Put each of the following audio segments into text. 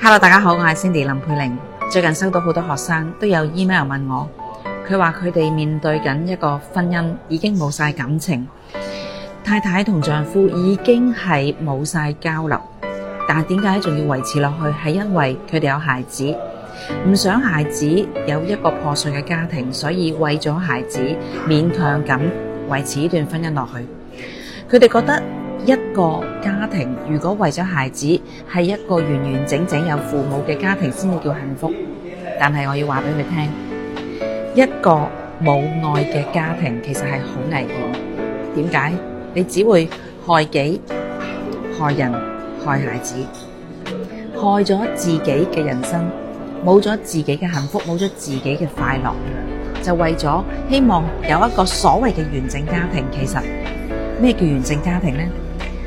哈嘍，Hello, 大家好，我係 Cindy 林佩玲。最近收到好多學生都有 email 問我，佢話佢哋面對緊一個婚姻已經冇晒感情，太太同丈夫已經係冇晒交流，但係點解仲要維持落去？係因為佢哋有孩子，唔想孩子有一個破碎嘅家庭，所以為咗孩子勉強咁維持呢段婚姻落去。佢哋覺得。一個家庭如果為咗孩子係一個完完整整有父母嘅家庭先至叫幸福，但係我要話俾你聽，一個冇愛嘅家庭其實係好危險。點解？你只會害己、害人、害孩子，害咗自己嘅人生，冇咗自己嘅幸福，冇咗自己嘅快樂，就為咗希望有一個所謂嘅完整家庭。其實咩叫完整家庭呢？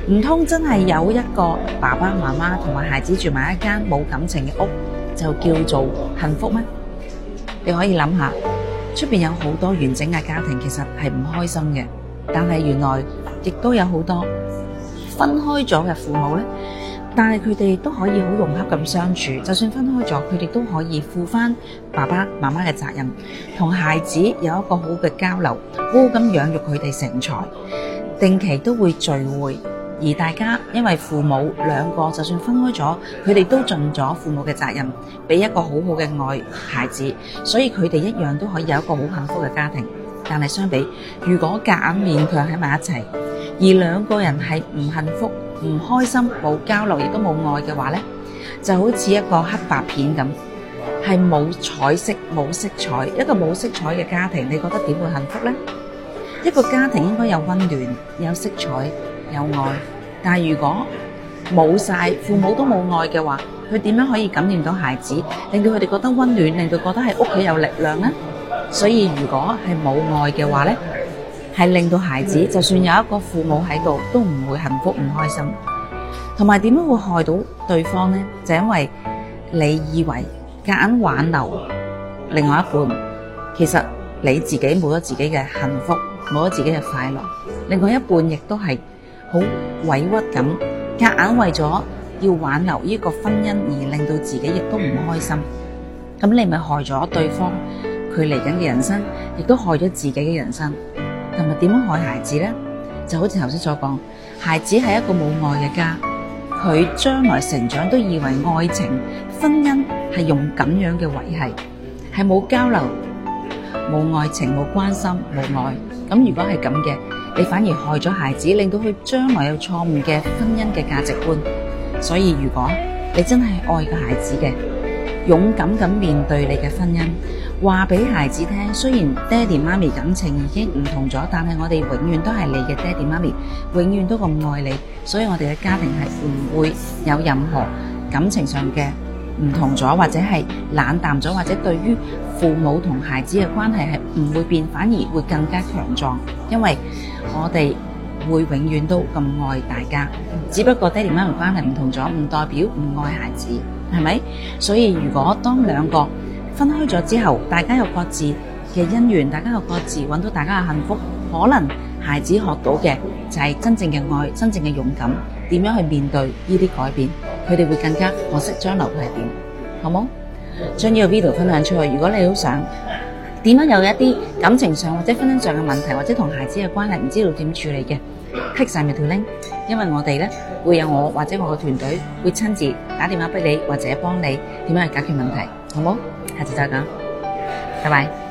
唔通真係有一個爸爸媽媽同埋孩子住埋一間冇感情嘅屋，就叫做幸福咩？你可以諗下，出邊有好多完整嘅家庭，其實係唔開心嘅。但係原來亦都有好多分開咗嘅父母咧，但係佢哋都可以好融洽咁相處，就算分開咗，佢哋都可以負翻爸爸媽媽嘅責任，同孩子有一個好嘅交流，好好咁養育佢哋成才，定期都會聚會。而大家因為父母兩個就算分開咗，佢哋都盡咗父母嘅責任，俾一個好好嘅愛孩子，所以佢哋一樣都可以有一個好幸福嘅家庭。但係相比，如果夾硬勉強喺埋一齊，而兩個人係唔幸福、唔開心、冇交流亦都冇愛嘅話咧，就好似一個黑白片咁，係冇彩色、冇色彩，一個冇色彩嘅家庭，你覺得點會幸福咧？一個家庭應該有温暖、有色彩。有愛，但係如果冇晒父母都冇愛嘅話，佢點樣可以感染到孩子，令到佢哋覺得溫暖，令到覺得喺屋企有力量呢？所以如果係冇愛嘅話呢，係令到孩子就算有一個父母喺度都唔會幸福唔開心。同埋點樣會害到對方呢？就因為你以為夾硬挽留另外一半，其實你自己冇咗自己嘅幸福，冇咗自己嘅快樂，另外一半亦都係。好委屈咁，夾硬為咗要挽留呢個婚姻而令到自己亦都唔開心，咁你咪害咗對方佢嚟緊嘅人生，亦都害咗自己嘅人生。同埋點樣害孩子呢？就好似頭先所講，孩子係一個冇愛嘅家，佢將來成長都以為愛情、婚姻係用咁樣嘅維繫，係冇交流、冇愛情、冇關心、冇愛。咁如果係咁嘅。你反而害咗孩子，令到佢將來有錯誤嘅婚姻嘅價值觀。所以，如果你真係愛個孩子嘅，勇敢咁面對你嘅婚姻，話俾孩子聽，雖然爹哋媽咪感情已經唔同咗，但係我哋永遠都係你嘅爹哋媽咪，永遠都咁愛你。所以我哋嘅家庭係唔會有任何感情上嘅。唔同咗，或者係冷淡咗，或者對於父母同孩子嘅關係係唔會變，反而會更加強壯，因為我哋會永遠都咁愛大家。只不過爹地媽咪關係唔同咗，唔代表唔愛孩子，係咪？所以如果當兩個分開咗之後，大家有各自嘅因緣，大家有各自搵到大家嘅幸福，可能孩子學到嘅就係真正嘅愛，真正嘅勇敢。點樣去面對呢啲改變，佢哋會更加學識將來係點，好冇？將呢個 video 分享出去。如果你好想點樣有一啲感情上或者婚姻上嘅問題，或者同孩子嘅關係唔知道點處理嘅，click 晒咪條 link。因為我哋呢會有我或者我嘅團隊會親自打電話俾你或者幫你點樣去解決問題，好冇？下次再講，拜拜。